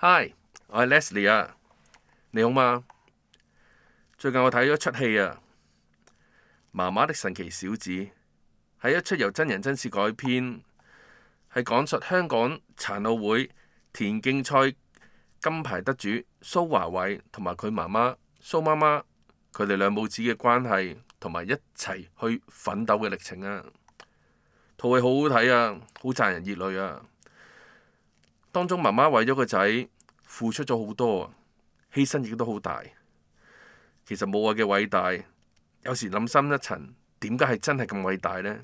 Hi，我係 Leslie 啊。你好嘛？最近我睇咗一出戲啊，《媽媽的神奇小子》係一出由真人真事改編，係講述香港殘奧會田徑賽金牌得主蘇華偉同埋佢媽媽蘇媽媽佢哋兩母子嘅關係同埋一齊去奮鬥嘅歷程啊。套戲好好睇啊，好賺人熱淚啊！當中媽媽為咗個仔付出咗好多啊，犧牲亦都好大。其實母愛嘅偉大，有時諗深一層，點解係真係咁偉大呢？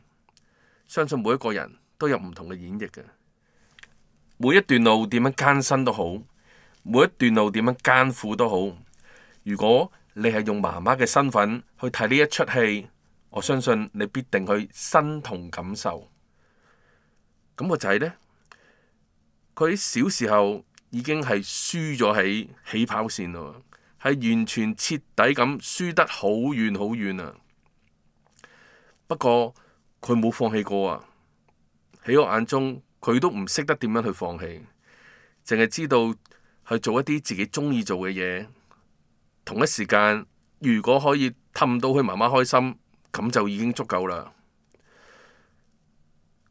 相信每一個人都有唔同嘅演繹嘅。每一段路點樣艱辛都好，每一段路點樣艱苦都好。如果你係用媽媽嘅身份去睇呢一齣戲，我相信你必定去身同感受。咁個仔呢？佢小時候已經係輸咗喺起，起跑線咯，係完全徹底咁輸得好遠好遠啊！不過佢冇放棄過啊！喺我眼中，佢都唔識得點樣去放棄，淨係知道去做一啲自己中意做嘅嘢。同一時間，如果可以氹到佢媽媽開心，咁就已經足夠啦。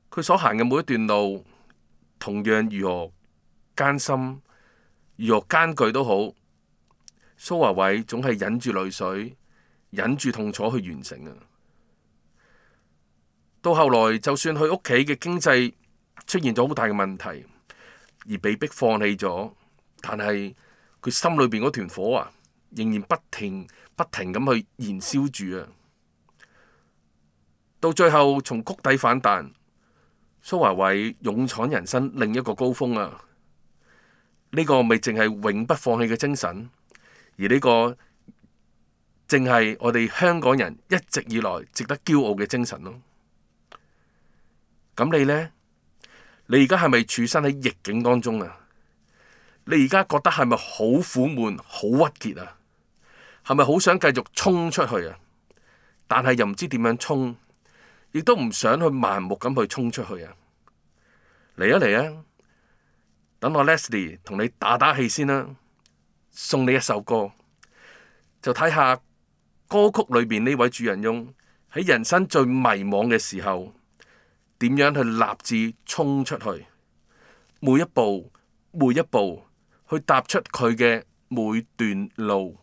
佢所行嘅每一段路，同樣如何艱辛，如何艱巨都好，蘇華偉總係忍住淚水，忍住痛楚去完成啊！到後來，就算佢屋企嘅經濟出現咗好大嘅問題，而被迫放棄咗，但係佢心裏邊嗰團火啊，仍然不停不停咁去燃燒住啊！到最後，從谷底反彈。蘇華偉勇闖人生另一個高峰啊！呢個咪淨係永不放棄嘅精神，而呢個淨係我哋香港人一直以來值得驕傲嘅精神囉。咁你呢？你而家係咪處身喺逆境當中啊？你而家覺得係咪好苦悶、好鬱結啊？係咪好想繼續衝出去啊？但係又唔知點樣衝？亦都唔想去盲目咁去衝出去啊！嚟啊嚟啊！等我 Leslie 同你打打氣先啦，送你一首歌，就睇下歌曲裏邊呢位主人翁喺人生最迷惘嘅時候點樣去立志衝出去，每一步每一步去踏出佢嘅每段路。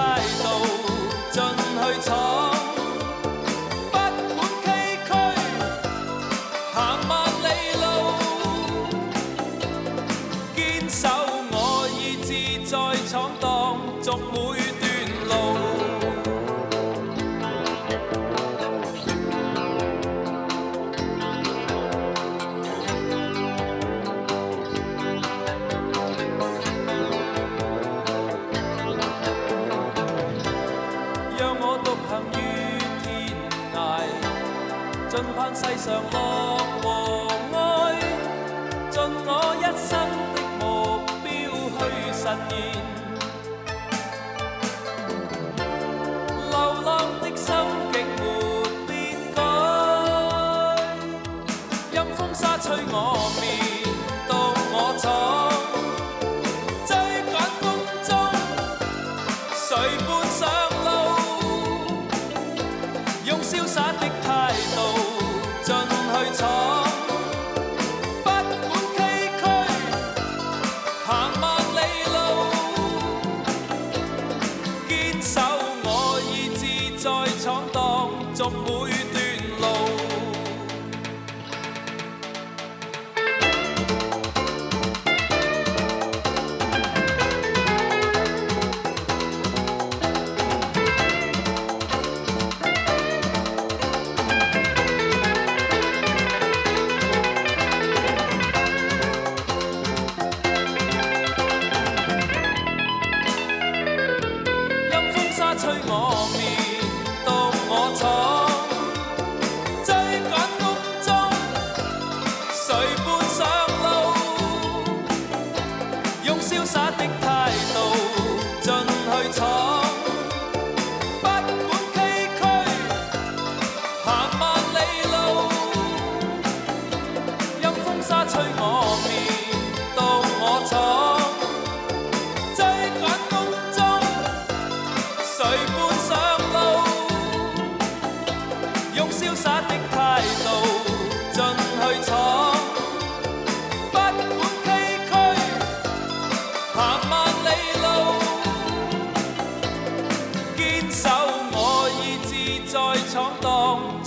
盡攀世上樂和愛，盡我一生的目標去實現。流浪的心境沒變改，任風沙吹我面，獨我闖，追趕風中誰伴？